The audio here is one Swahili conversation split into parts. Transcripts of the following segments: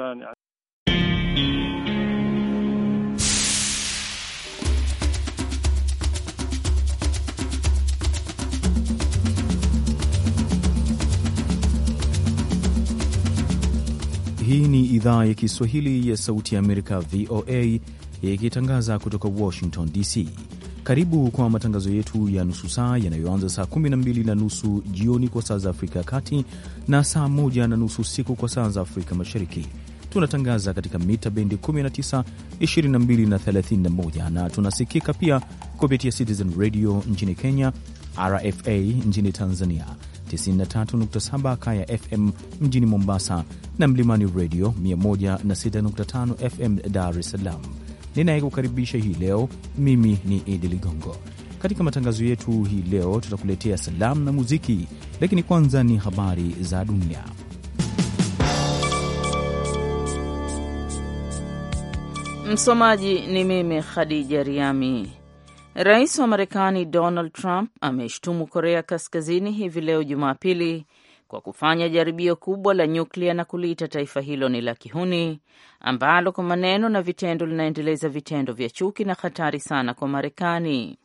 Hii ni idhaa ya Kiswahili ya Sauti ya Amerika, VOA, ikitangaza kutoka Washington DC. Karibu kwa matangazo yetu ya nusu saa yanayoanza saa 12 na nusu jioni kwa saa za Afrika ya Kati na saa 1 na nusu siku kwa saa za Afrika Mashariki. Tunatangaza katika mita bendi 19, 22 na 31 na tunasikika pia kupitia Citizen Radio nchini Kenya, RFA nchini Tanzania, 93.7 Kaya FM mjini Mombasa na Mlimani Radio 106.5 FM Dar es Salaam. Ninayekukaribisha hii leo mimi ni Idi Ligongo. Katika matangazo yetu hii leo tutakuletea salamu na muziki, lakini kwanza ni habari za dunia. Msomaji ni mimi Khadija Riami. Rais wa Marekani Donald Trump ameshtumu Korea Kaskazini hivi leo Jumapili kwa kufanya jaribio kubwa la nyuklia na kuliita taifa hilo ni la kihuni ambalo kwa maneno na vitendo linaendeleza vitendo vya chuki na hatari sana kwa Marekani.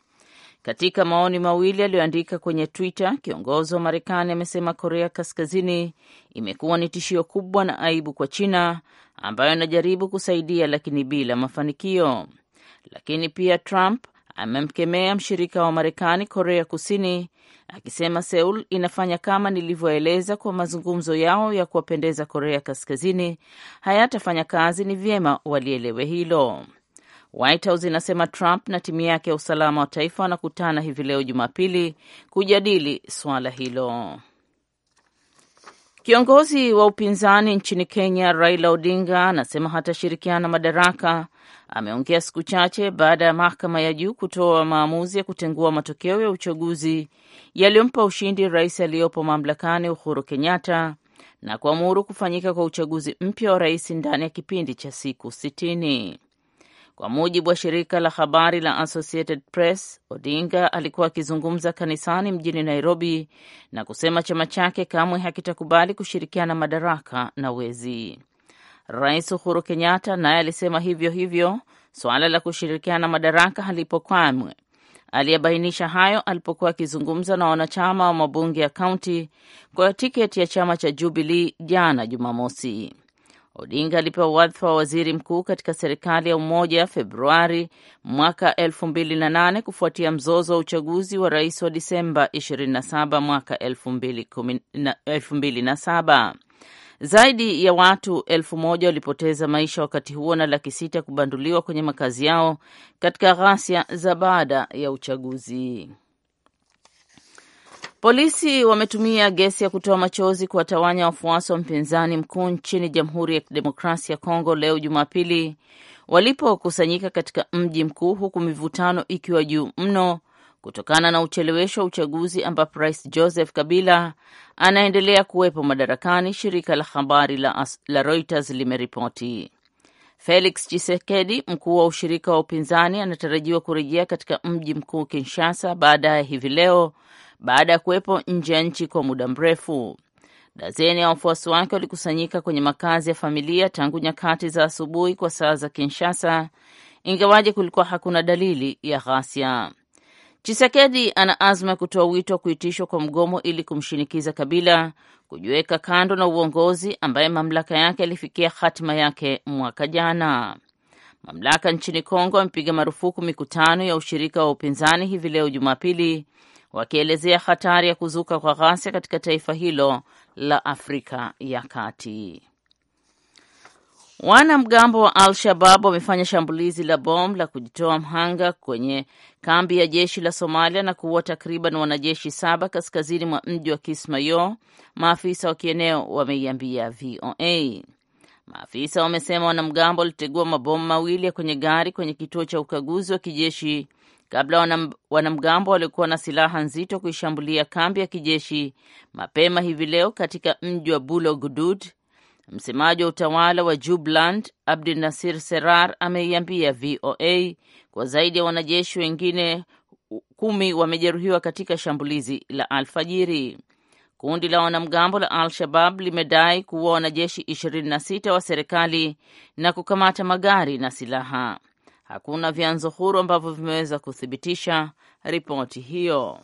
Katika maoni mawili aliyoandika kwenye Twitter, kiongozi wa Marekani amesema Korea Kaskazini imekuwa ni tishio kubwa na aibu kwa China ambayo inajaribu kusaidia lakini bila mafanikio. Lakini pia Trump amemkemea mshirika wa Marekani, Korea Kusini, akisema Seul inafanya kama nilivyoeleza kwa mazungumzo yao ya kuwapendeza Korea Kaskazini hayatafanya kazi. Ni vyema walielewe hilo. White House inasema Trump na timu yake ya usalama wa taifa wanakutana hivi leo Jumapili kujadili swala hilo. Kiongozi wa upinzani nchini Kenya Raila Odinga anasema hatashirikiana madaraka. Ameongea siku chache baada ya mahakama ya juu kutoa maamuzi ya kutengua matokeo ya uchaguzi yaliyompa ushindi rais aliyopo mamlakani Uhuru Kenyatta na kuamuru kufanyika kwa uchaguzi mpya wa rais ndani ya kipindi cha siku sitini. Kwa mujibu wa shirika la habari la Associated Press, Odinga alikuwa akizungumza kanisani mjini Nairobi na kusema chama chake kamwe hakitakubali kushirikiana madaraka na wezi. Rais Uhuru Kenyatta naye alisema hivyo hivyo suala la kushirikiana madaraka halipo kamwe. Aliyebainisha hayo alipokuwa akizungumza na wanachama wa mabunge ya kaunti kwa tiketi ya chama cha Jubilee jana Jumamosi. Odinga alipewa wadhifa wa waziri mkuu katika serikali ya umoja Februari mwaka 2008 kufuatia mzozo wa uchaguzi wa rais wa Disemba 27 mwaka 2007. Zaidi ya watu elfu moja walipoteza maisha wakati huo na laki sita kubanduliwa kwenye makazi yao katika ghasia za baada ya uchaguzi. Polisi wametumia gesi ya kutoa machozi kuwatawanya wafuasi wa mpinzani mkuu nchini Jamhuri ya Kidemokrasia ya Kongo leo Jumapili walipokusanyika katika mji mkuu, huku mivutano ikiwa juu mno kutokana na uchelewesho wa uchaguzi ambapo Rais Joseph Kabila anaendelea kuwepo madarakani, shirika la habari la, la Reuters limeripoti. Felix chisekedi mkuu wa ushirika wa upinzani, anatarajiwa kurejea katika mji mkuu Kinshasa baadaye hivi leo baada ya kuwepo nje ya nchi kwa muda mrefu. Dazeni ya wafuasi wake walikusanyika kwenye makazi ya familia tangu nyakati za asubuhi kwa saa za Kinshasa, ingawaje kulikuwa hakuna dalili ya ghasia. Chisekedi ana azma ya kutoa wito wa kuitishwa kwa mgomo ili kumshinikiza Kabila kujiweka kando na uongozi ambaye mamlaka yake yalifikia hatima yake mwaka jana. Mamlaka nchini Kongo amepiga marufuku mikutano ya ushirika wa upinzani hivi leo Jumapili wakielezea hatari ya kuzuka kwa ghasia katika taifa hilo la Afrika ya Kati. Wanamgambo wa Al-Shabab wamefanya shambulizi la bomu la kujitoa mhanga kwenye kambi ya jeshi la Somalia na kuua takriban wanajeshi saba kaskazini mwa mji wa Kismayo, maafisa wa kieneo wameiambia VOA. Maafisa wamesema wanamgambo walitegua mabomu mawili ya kwenye gari kwenye kituo cha ukaguzi wa kijeshi kabla wanam, wanamgambo waliokuwa na silaha nzito kuishambulia kambi ya kijeshi mapema hivi leo katika mji wa Bulo Gudud. Msemaji wa utawala wa Jubland Abdul Nasir Serar ameiambia VOA kwa zaidi ya wanajeshi wengine kumi wamejeruhiwa katika shambulizi la alfajiri. Kundi la wanamgambo la Al-Shabab limedai kuua wanajeshi 26 wa serikali na kukamata magari na silaha. Hakuna vyanzo huru ambavyo vimeweza kuthibitisha ripoti hiyo.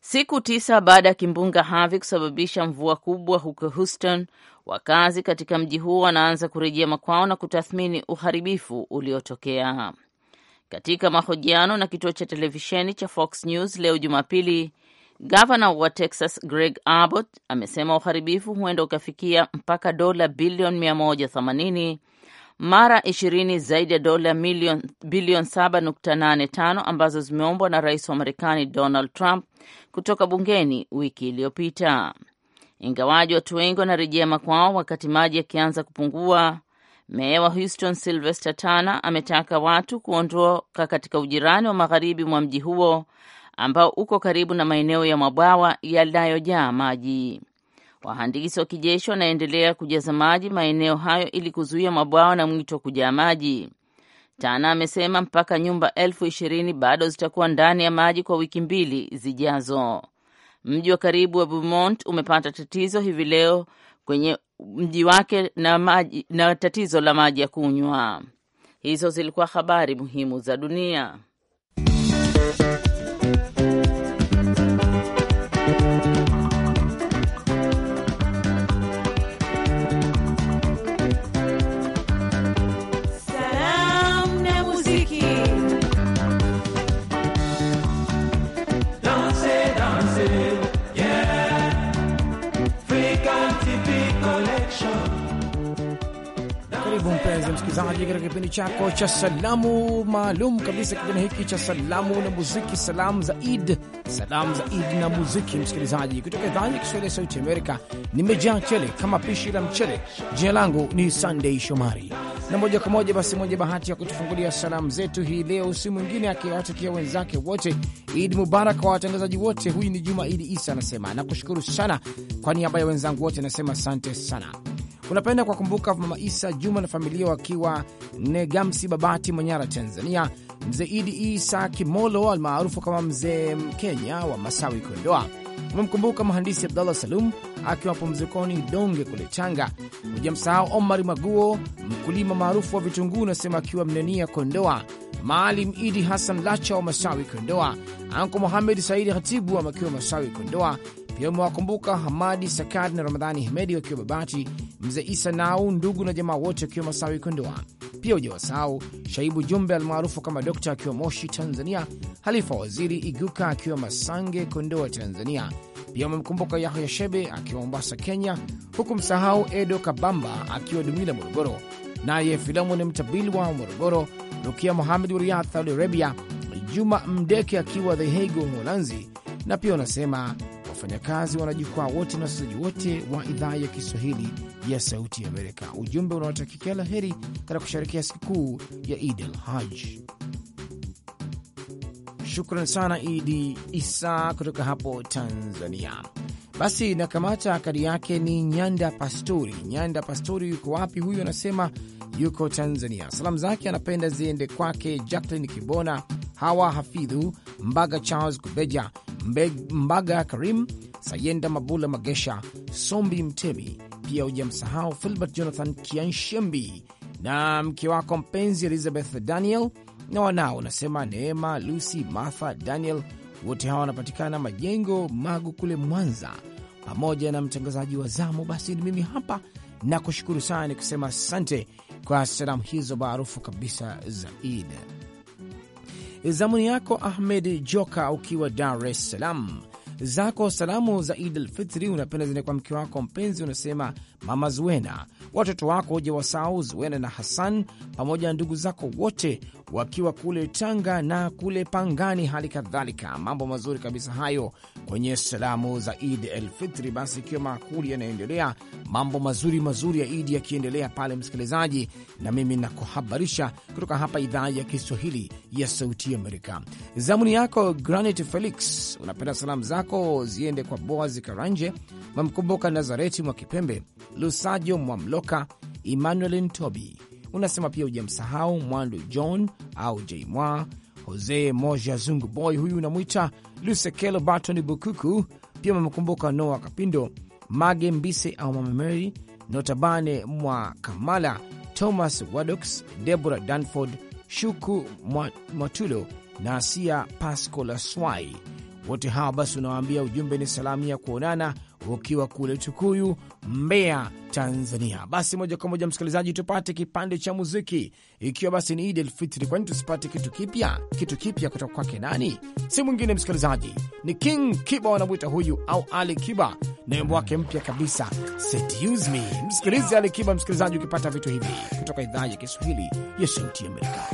Siku tisa baada ya kimbunga Harvey kusababisha mvua kubwa huko Houston, wakazi katika mji huo wanaanza kurejea makwao na kutathmini uharibifu uliotokea. Katika mahojiano na kituo cha televisheni cha Fox News leo Jumapili, gavana wa Texas Greg Abbott amesema uharibifu huenda ukafikia mpaka dola bilioni 180 mara ishirini zaidi ya dola bilioni 7.85 ambazo zimeombwa na rais wa Marekani Donald Trump kutoka bungeni wiki iliyopita. Ingawaji watu wengi wanarejea makwao wakati maji yakianza kupungua, meya wa Houston Sylvester Tana ametaka watu kuondoka katika ujirani wa magharibi mwa mji huo ambao uko karibu na maeneo ya mabwawa yanayojaa maji. Wahandisi wa kijeshi wanaendelea kujaza maji maeneo hayo ili kuzuia mabwawa na mwito kujaa maji. Tana amesema mpaka nyumba elfu ishirini bado zitakuwa ndani ya maji kwa wiki mbili zijazo. Mji wa karibu wa Beaumont umepata tatizo hivi leo kwenye mji wake na, maji, na tatizo la maji ya kunywa. Hizo zilikuwa habari muhimu za dunia. msikilizaji, katika kipindi chako cha salamu maalum kabisa, kipindi hiki cha salamu na muziki, salamu za Id, salamu za Id na muziki, msikilizaji, kutoka idhaa ya Kiswahili ya Sauti Amerika. Nimejaa chele kama pishi la mchele. Jina langu ni Sandei Shomari, na moja kwa moja basi, mwenye bahati ya kutufungulia salamu zetu hii leo si mwingine akiwatakia wenzake wote Id Mubarak wa watangazaji wote. Huyu ni Juma Idi Isa, anasema nakushukuru sana kwa niaba ya wenzangu wote, anasema asante sana unapenda kuwakumbuka Mama Isa Juma na familia wakiwa Negamsi, Babati, Manyara, Tanzania. Mzee Idi Isa Kimolo almaarufu kama Mzee Mkenya wa Masawi, Kondoa. Umemkumbuka mhandisi Abdallah Salum akiwa mapumzikoni Donge kule Tanga. Hujamsahau Omar Maguo, mkulima maarufu wa vitunguu, unasema akiwa Mnenia, Kondoa. Maalim Idi Hassan Lacha wa Masawi, Kondoa. Anko Mohamed Saidi Hatibu wa Masawi, Kondoa. Pia umewakumbuka Hamadi Sakad na Ramadhani Hemedi wakiwa Babati, mzee Isa Nau, ndugu na jamaa wote wakiwa Masawi Kondoa. Pia hujawasahau Shaibu Jumbe almaarufu kama Dokta akiwa Moshi, Tanzania, Halifa Waziri Iguka akiwa Masange, Kondoa, Tanzania. Pia umemkumbuka Yahya Shebe akiwa Mombasa, Kenya, huku msahau Edo Kabamba akiwa Dumila, Morogoro, naye filamu ni Mtabilwa wa Morogoro, Rukia muhamed wa Riyadh, Saudi Arabia, Juma Mdeke akiwa The Hague, Uholanzi, na pia unasema wafanyakazi, wanajukwaa wote na wasikilizaji wote wa idhaa ya Kiswahili ya Sauti ya Amerika. Ujumbe unaotakikia la heri katika kusherekea sikukuu ya idl al Haj. Shukran sana Idi Isa kutoka hapo Tanzania. Basi nakamata kadi yake ni Nyanda Pastori. Nyanda Pastori yuko wapi huyu? Anasema yuko Tanzania. Salamu zake anapenda ziende kwake jacklin Kibona, Hawa Hafidhu Mbaga, Charles Kubeja, Mbaga Karim, Sayenda Mabula Magesha, Sombi Mtemi, pia hujamsahau Filbert Jonathan Kianshembi na mke wako mpenzi Elizabeth Daniel na wanao unasema Neema, Lucy, Martha, Daniel. Wote hawa wanapatikana majengo Magu kule Mwanza, pamoja na mtangazaji wa zamu. Basi ni mimi hapa na kushukuru sana, ni kusema asante kwa salamu hizo maarufu kabisa za Id. Zamuni yako Ahmed Joka ukiwa Dar es Salaam, zako salamu za Id Alfitri unapenda zine kwa mke wako mpenzi, unasema mama Zuena, watoto wako jewasau wasau Zuena na Hasan pamoja na ndugu zako wote wakiwa kule Tanga na kule Pangani, hali kadhalika. Mambo mazuri kabisa hayo kwenye salamu za Id el Fitri. Basi ikiwa maakuli yanayoendelea, mambo mazuri mazuri ya Idi yakiendelea pale, msikilizaji, na mimi nakuhabarisha kutoka hapa idhaa ya Kiswahili ya Sauti Amerika. Zamuni yako Granit Felix, unapenda salamu zako ziende kwa Boazi Karanje, mamkumbuka Nazareti mwa kipembe Lusajo Mwamloka, Emmanuel Ntobi Unasema pia ujamsahau Mwandu John au jaimwa Jose Moja Zungu Boy, huyu unamwita Lusekelo batoni Bukuku. Pia umemkumbuka Noa Kapindo, Mage Mbise au Mama Mary, Notabane Mwa Kamala, Thomas Wadox, debora Danford, Shuku Mwatulo na Sia Pasco Laswai wote hawa basi unawaambia ujumbe ni salamu ya kuonana ukiwa kule Tukuyu, Mbeya, Tanzania. Basi moja kwa moja, msikilizaji, tupate kipande cha muziki, ikiwa basi ni Idi Elfitri. Kwani tusipate kitu kipya? Kitu kipya kutoka kwake nani? Si mwingine msikilizaji, ni King Kiba wanamwita huyu, au Ali Kiba na wimbo wake mpya kabisa Seduce Me. Msikilize Ali Kiba, msikilizaji, ukipata vitu hivi kutoka idhaa ya Kiswahili ya Sauti ya Amerika.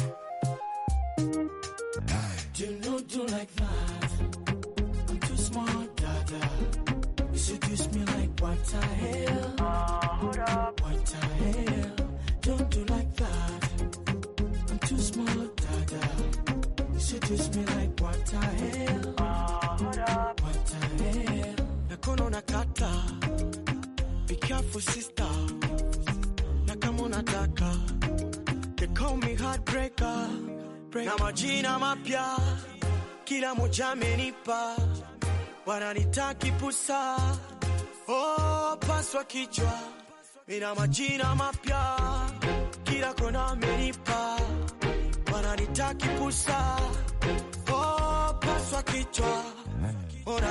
tu sister, na kama unataka they call me heartbreaker, na majina mapya kila moja amenipa, wananita kipusa, oh, paswa kichwa, ina majina mapya kila kona amenipa, wananita kipusa, oh, paswa kichwa, ora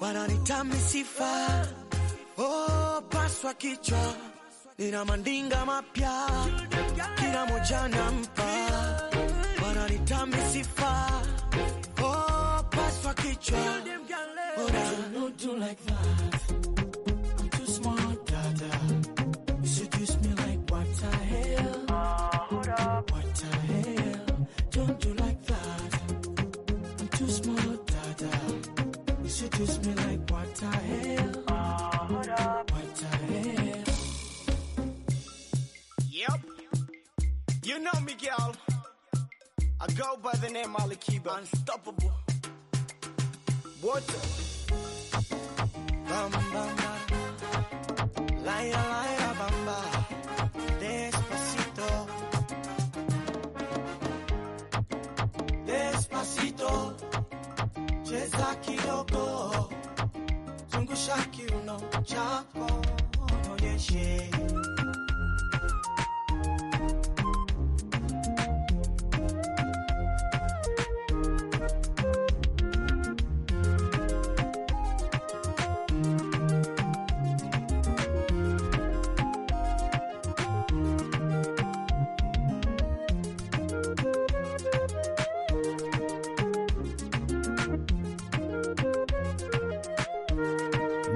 wananitami sifa oh, paswa kichwa, nina mandinga mapya kila moja nampa, wananitami sifa oh, paswa kichwa oh, other than Molly Kiba. Unstoppable. Water. bamba. bam, bam. Laia, laia, bamba. Despacito. Despacito. Chezaki doko. Zungusha kiuno chako. Onyeshe.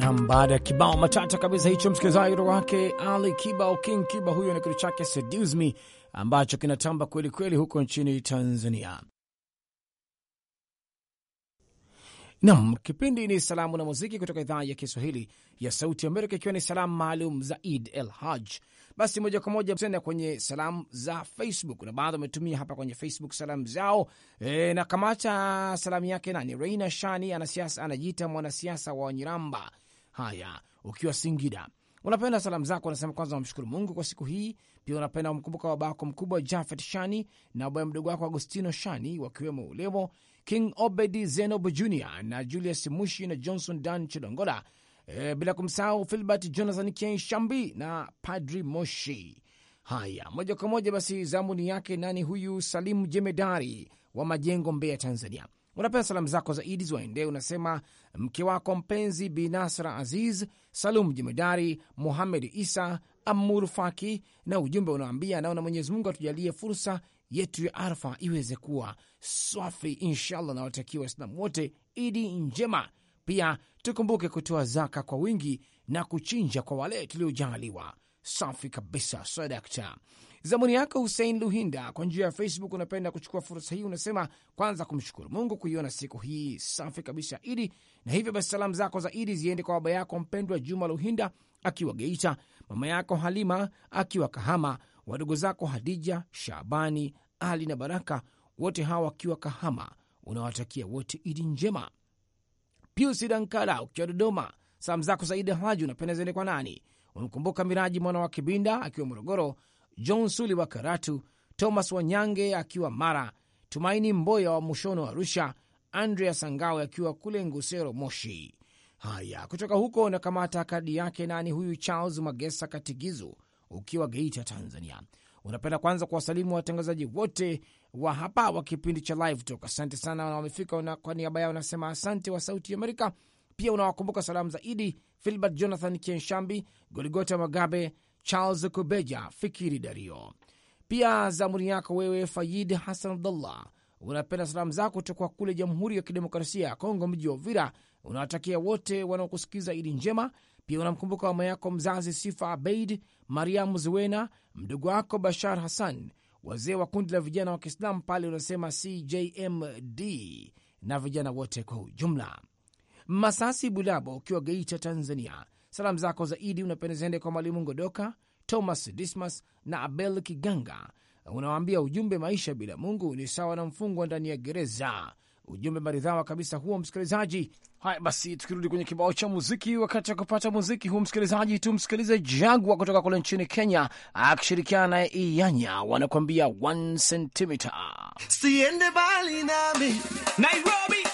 nam baada ya kibao matata kabisa hicho, msikilizaji wake Ali Kiba au King Kiba huyo na kitu chake Seduce Me ambacho kinatamba kweli kweli huko nchini Tanzania. Nam, kipindi ni Salamu na Muziki kutoka idhaa ya Kiswahili ya Sauti Amerika, ikiwa ni salamu maalum za Id el Haj. Basi moja kwa moja tena kwenye salamu za Facebook na baadhi wametumia hapa kwenye Facebook salamu zao e, na kamata salamu yake nani, Reina Shani anasiasa, anajiita mwanasiasa wa Wanyiramba Haya, ukiwa Singida unapenda salamu zako anasema kwanza wamshukuru Mungu kwa siku hii, pia unapenda wamkumbuka baba yako mkubwa Jafet Shani na baba mdogo wako Agostino Shani, wakiwemo Ulemo King Obedi Zenob Jr na Julius Mushi na Johnson Dan Chilongola, e, bila kumsahau Filbert Jonathan Kien Shambi na Padri Moshi. Haya, moja kwa moja basi zamuni yake nani huyu, Salimu Jemedari wa Majengo, Mbeya, Tanzania. Unapenda salamu zako zaidi ziwaendee, unasema mke wako mpenzi binasra Aziz, Salum Jemedari, muhamed Isa, Amur Faki, na ujumbe unaambia naona Mwenyezi Mungu atujalie fursa yetu ya Arfa iweze kuwa swafi inshallah, nawatakia watakia Waislamu wote Idi njema. Pia tukumbuke kutoa zaka kwa wingi na kuchinja kwa wale tuliojaliwa. Safi kabisa sadakta. Zamuni yako Husein Luhinda kwa njia ya Facebook, unapenda kuchukua fursa hii, unasema kwanza kumshukuru Mungu kuiona siku hii safi kabisa Idi, na hivyo basi salamu zako za Idi ziende kwa baba yako mpendwa Juma Luhinda akiwa Geita, mama yako Halima akiwa Kahama, wadogo zako Hadija, Shabani, Ali na Baraka, wote hawa wakiwa Kahama. Unawatakia wote Idi njema. Pius Dankala ukiwa Dodoma, salamu zako za Idi haji unapenda ziende kwa nani? wamemkumbuka Miraji mwana wa Kibinda akiwa Morogoro, John Suli wa Karatu, Thomas Wanyange akiwa Mara, Tumaini Mboya wa Mushono wa Arusha, Andrea Sangawe akiwa kule Ngusero, Moshi. Haya, kutoka huko unakamata kadi yake. Nani huyu? Charles Magesa Katigizo ukiwa Geita, Tanzania. Unapenda kwanza kuwasalimu watangazaji wote wa hapa wa kipindi cha Live Talk. Asante sana, wamefika kwa niaba yao, nasema asante wa Sauti ya Amerika pia unawakumbuka salamu za Idi Filbert Jonathan Kienshambi, Goligota Magabe, Charles Kubeja, Fikiri Dario. Pia zamuri yako wewe Fayid Hassan Abdullah, unapenda salamu zako kutoka kule Jamhuri ya Kidemokrasia ya Kongo, mji wa Uvira. Unawatakia wote wanaokusikiza Idi njema. Pia unamkumbuka mama yako mzazi Sifa Abeid, Mariamu Zuwena, mdogo wako Bashar Hassan, wazee wa kundi la vijana wa Kiislamu pale unasema CJMD na vijana wote kwa ujumla. Masasi Bulabo ukiwa Geita, Tanzania, salamu zako zaidi unapenda ziende kwa Mwalimu Ngodoka, Thomas Dismas na Abel Kiganga. Unawaambia ujumbe, maisha bila Mungu ni sawa na mfungwa ndani ya gereza. Ujumbe maridhawa kabisa huo, msikilizaji. Haya basi, tukirudi kwenye kibao cha muziki, wakati wa kupata muziki huu, msikilizaji, tumsikilize Jagwa kutoka kule nchini Kenya akishirikiana naye Iyanya, wanakuambia one centimeter. Siende bali nami Nairobi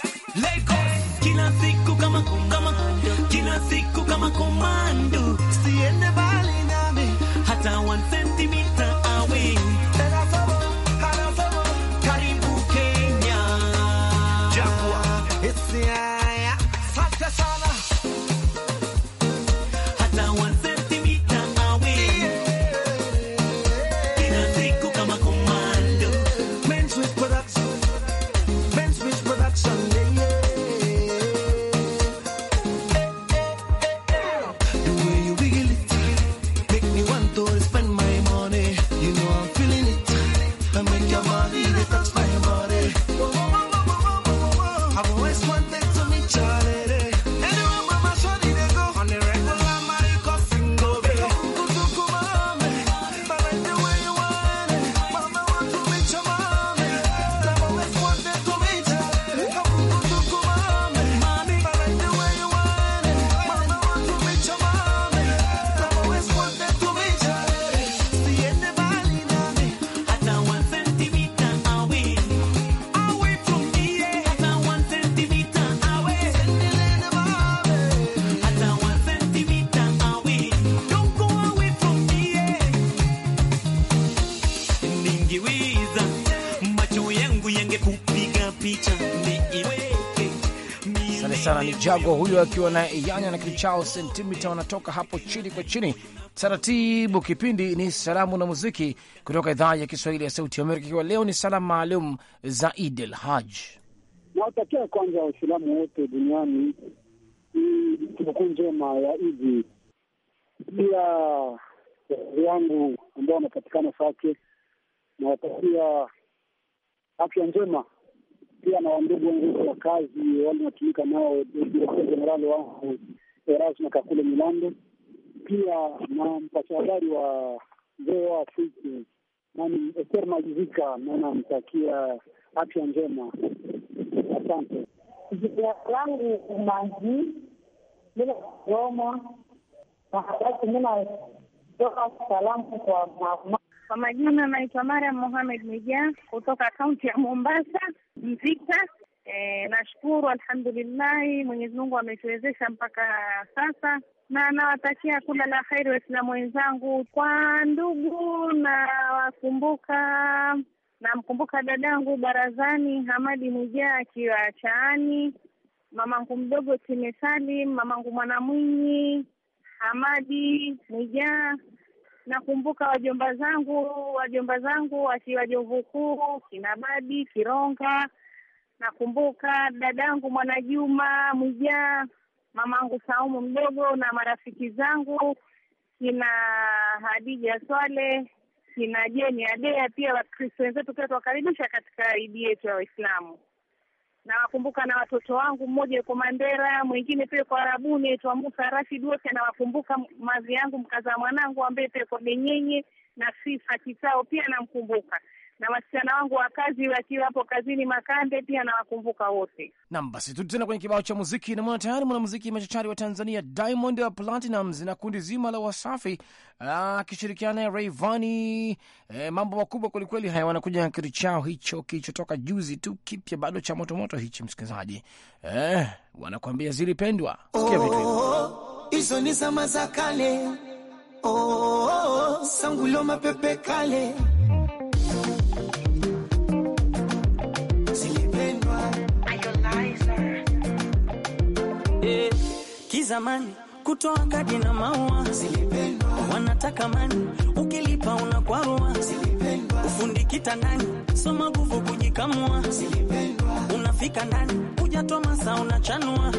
Jago huyo akiwa na Yanya na kitu chao sentimita, wanatoka hapo chini kwa chini taratibu. Kipindi ni salamu na muziki kutoka idhaa ya Kiswahili ya Sauti ya Amerika, ikiwa leo ni salamu maalum za Id el Haj. Nawatakia kwanza Waislamu wote duniani sikukuu njema ya Idi, pia wangu ambao wanapatikana Sake nawatakia afya njema pia na wandugu wenzetu wa kazi wale natumika nao, direkta jenerali wangu Erasma Kakule Milando, pia na mpasha habari wa VOA Afriki nani Ester Majivika, na namtakia afya njema. Asante. Jina langu Umangi bila Goma nahabati, minatoa salamu kwa mama. Kwa majina naitwa Mariam Mohamed Mija kutoka kaunti ya Mombasa. Mvita. E, eh, nashukuru alhamdulillahi, Mwenyezi Mungu ametuwezesha mpaka sasa, na nawatakia kula la kheri Waislamu wenzangu. Kwa ndugu nawakumbuka, namkumbuka dadangu barazani Hamadi Mujaa akiwa Chaani, mamangu mdogo Time Salim, mamangu Mwanamwinyi, Hamadi Mwijaa nakumbuka wajomba zangu wajomba zangu wakiwajovukuu kina Babi Kironga, nakumbuka dadangu Mwanajuma Mwijaa, mamangu Saumu mdogo na marafiki zangu kina Hadija Swale kina Jeni Adea, pia Wakristo wenzetu pia tuwakaribisha katika idi yetu ya Waislamu nawakumbuka na watoto wangu, mmoja yuko Mandera, mwingine pia yuko Arabuni, aitwa Musa Rashid. Wote nawakumbuka, mazi yangu mkaza mwanangu ambaye pia yuko Benyenye na Sifa Kisao pia namkumbuka na wasichana wangu wa kazi wakiwa hapo kazini Makande, pia nawakumbuka wote. Nam, basi turudi tena kwenye kibao cha muziki. Namwona tayari mwanamuziki machachari wa Tanzania Diamond Platinumz na kundi zima la Wasafi ah, akishirikiana na Rayvanny. E, mambo makubwa kwelikweli haya, wanakuja na kitu chao hicho kilichotoka juzi tu kipya, bado cha motomoto hichi, msikilizaji. E, wanakuambia zilipendwa. Oh, hizo ni zama za kale, oh, sangulo mapepe kale oh, oh, oh, zamani, kutoa kadi na maua wanataka mani, ukilipa zilipendwa, ufundi kitandani, soma guvu kujikamua, unafika ndani, hujatoa masa unachanua.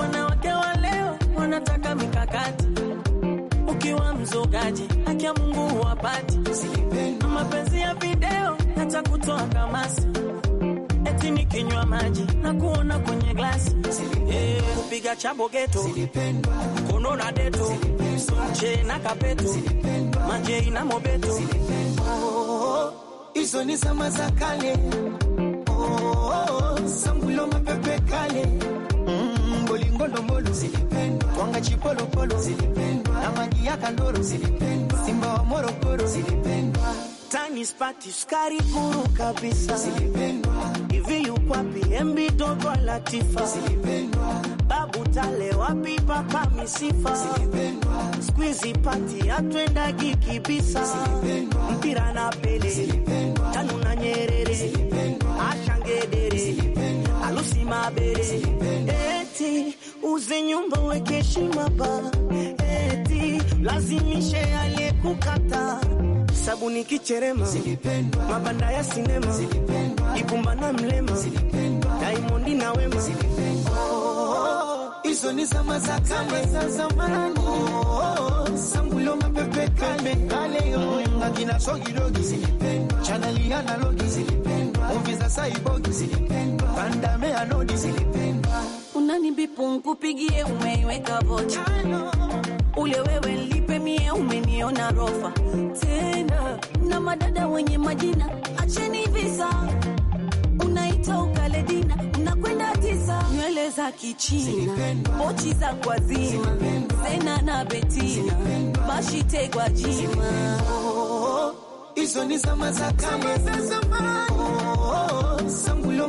Wanawake wa leo wanataka mikakati, ukiwa mzogaji akia Mungu wapati zilipendwa, mapenzi ya video hata kutoa kamasi magazeti nikinywa maji na kuona kwenye glasi eh, kupiga chambo geto kono na deto che na kapeto manje na mobeto oh, hizo ni zama za kale sangulo oh, mapepe kale mm, twanga chipolopolo na maji ya kandoro simba wa Morogoro tani spati sukari kuru kabisa zilipendwa kwa PMB dogo Latifa, babu tale wapi papa misifa, skwizi pati atwendagi kibisa, mpira na Pele tanu na Nyerere, ashangedere alusi mabere, eti uze nyumba weke shimaba, eti lazimishe aliyekukata sabuni kicherema, zilipendwa mabanda ya sinema, zilipendwa ipumba na mlema, zilipendwa Diamond na wema, zilipendwa hizo ni zama za kale za zamani, sambulo mapepe kale kale, akina sogidogi, chaneli analogi, muvi za saibogi, bandame anodi, unanibipu nkupigie umeiweka vocha ule wewe lipe umeniona rofa tena na madada wenye majina? Acheni visa, unaita ukaledina nakwenda unakwenda tisa, nywele za kichina, pochi za kwazima, zena na betina, bashite kwa jima hizo oh, oh, oh. ni zama za kama za zamani oh, oh, oh. sangulo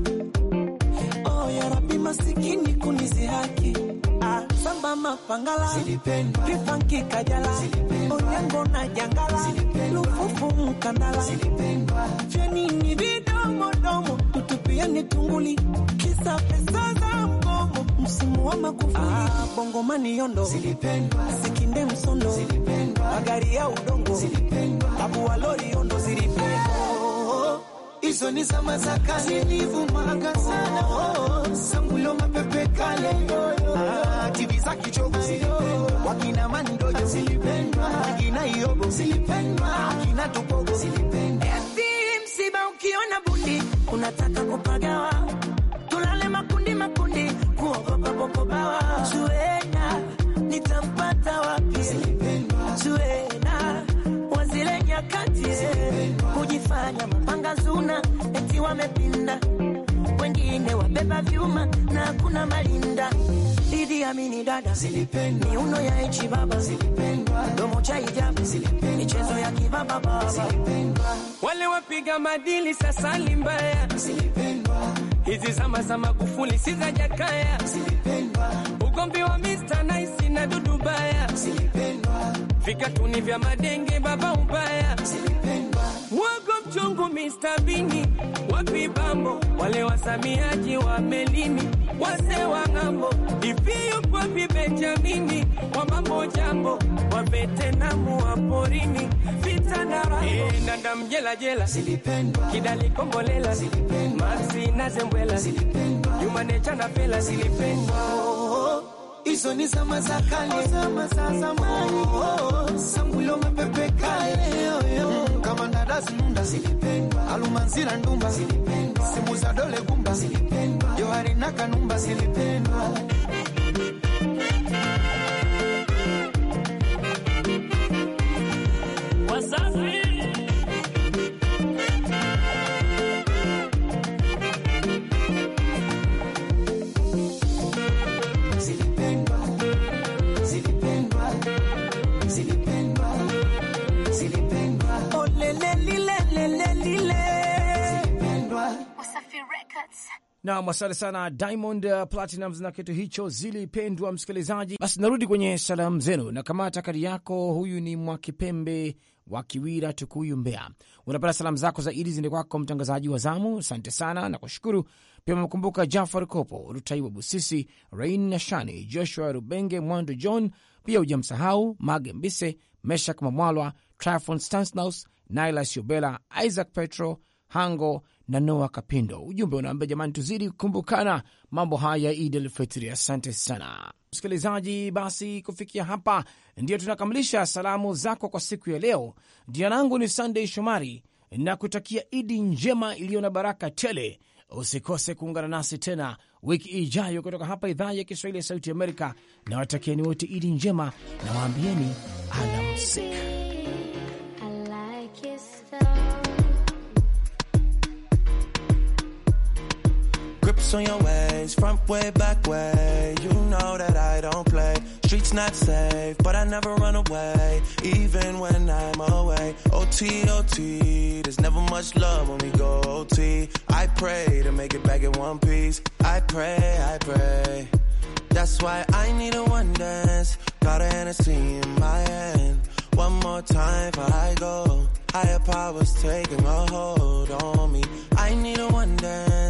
masikini kunizihaki ah, samba mapangala kifanki kajala onyango na jangala lufufu mkandala fyenini vidomodomo ni tunguli kisa pesa za mgomo msimu wa makufuli ah. bongo mani yondo sikinde msondo magari ya udongo tabu wa lori yondo zilipendwa hizo ni zama za kale, nilivumaga sana oh, sangulo mapepe kale ah, tivi wakina mandojo silipendwa, akina iobo silipendwa, akina tupogo silipendwa. msiba ukiona bundi unataka kupagawa zuna eti wamepinda, wengine wabeba vyuma na hakuna malinda. Didi amini dada zilipendwa, miuno ya echi baba zilipendwa, domo cha ijabu zilipendwa, michezo ya kibaba baba zilipendwa, wale wapiga madili sasa limbaya zilipendwa, hizi zama za Magufuli si za Jakaya zilipendwa, ugombi wa Mr Nice na Dudubaya zilipendwa, fika tuni vya madenge baba ubaya zilipendwa. Wago mchungu Mr. Bini, wapi bambo wale wasamiaji wa melini, wase wa ng'ambo ifiyu kwapi Benjamini, wamambo jambo wavetenamu wa porini, vita na rambo e, eh, nanda mjela jela, silipendwa, kidali kombolela, mazi na zembwela, silipendwa, yumanecha na pela silipendwa Hizo ni zama za kale, zama za zamani, sambulo sangulo mapepeka leo kama ndadasi nunda zilipendwa, alumanzila ndumba zilipendwa, simu za dole gumba zilipendwa, johari na kanumba zilipendwa Naam, asante sana Diamond uh, Platinum na kitu hicho zilipendwa. Msikilizaji, basi narudi kwenye salamu zenu na kamata kadi yako. Huyu ni Mwakipembe wa Kiwira, Tukuyu, Mbea. Unapata salamu zako zaidi zinde kwako mtangazaji wa zamu, asante sana na kushukuru pia. Mkumbuka Jafar Kopo Rutaiwa, Busisi Rain Nashani, Joshua Rubenge Mwando John pia hujamsahau Mage Mbise, Meshak Mamwalwa, Trafon Stansnaus, Naila Siobela, Isaac Petro Hango na Noa Kapindo. Ujumbe unaambia jamani, tuzidi kukumbukana mambo haya Idi el Asante sana msikilizaji. Basi kufikia hapa ndiyo tunakamilisha salamu zako kwa siku ya leo. Jina langu ni sandey Shomari na kutakia Idi njema iliyo na baraka tele. Usikose kuungana nasi tena wiki ijayo kutoka hapa idhaa ya Kiswahili ya Sauti Amerika. Nawatakieni wote Idi njema na waambieni alamsik. on your ways, front way, back way. You know that I don't play. Streets not safe, but I never run away, even when I'm away. OT, OT, there's never much love when we go OT. I pray to make it back in one piece. I pray, I pray. That's why I need a one dance. Got a Hennessy in my hand. One more time before I go. Higher powers taking a hold on me. I need a one dance.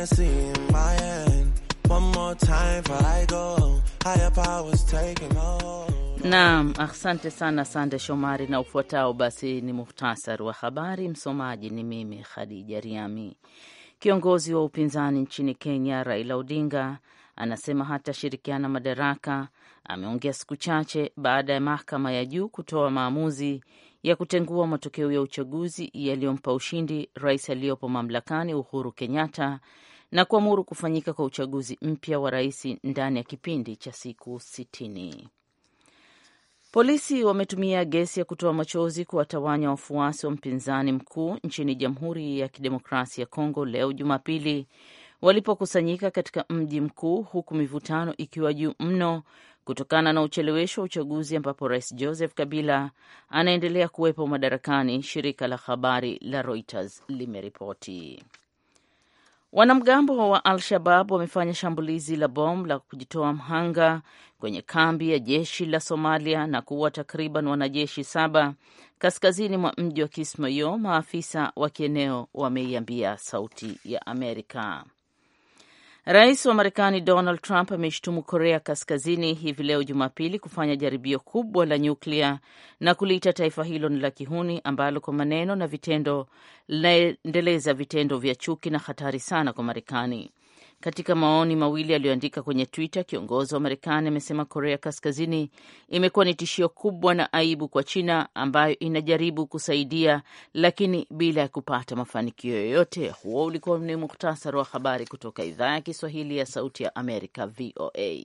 fantasy in my end. One more time for I go. Higher powers taking hold. Naam, asante sana Sande Shomari. Na ufuatao basi ni muhtasari wa habari. Msomaji ni mimi Khadija Riami. Kiongozi wa upinzani nchini Kenya Raila Odinga anasema hatashirikiana madaraka. Ameongea siku chache baada ya mahakama ya juu kutoa maamuzi ya kutengua matokeo ya uchaguzi yaliyompa ushindi rais aliyopo mamlakani Uhuru Kenyatta na kuamuru kufanyika kwa uchaguzi mpya wa rais ndani ya kipindi cha siku sitini. Polisi wametumia gesi ya kutoa machozi kuwatawanya wafuasi wa mpinzani mkuu nchini Jamhuri ya Kidemokrasia ya Kongo leo Jumapili walipokusanyika katika mji mkuu, huku mivutano ikiwa juu mno kutokana na uchelewesho wa uchaguzi ambapo rais Joseph Kabila anaendelea kuwepo madarakani, shirika la habari la Reuters limeripoti. Wanamgambo wa Al-Shabab wamefanya shambulizi la bomu la kujitoa mhanga kwenye kambi ya jeshi la Somalia na kuua takriban wanajeshi saba kaskazini mwa mji wa Kismayo, maafisa wa kieneo wameiambia Sauti ya Amerika. Rais wa Marekani Donald Trump ameshutumu Korea Kaskazini hivi leo Jumapili kufanya jaribio kubwa la nyuklia na kuliita taifa hilo ni la kihuni ambalo kwa maneno na vitendo linaendeleza vitendo vya chuki na hatari sana kwa Marekani. Katika maoni mawili aliyoandika kwenye Twitter, kiongozi wa Marekani amesema Korea Kaskazini imekuwa ni tishio kubwa na aibu kwa China ambayo inajaribu kusaidia lakini bila ya kupata mafanikio yoyote. Huo ulikuwa ni muhtasari wa habari kutoka idhaa ya Kiswahili ya Sauti ya Amerika, VOA.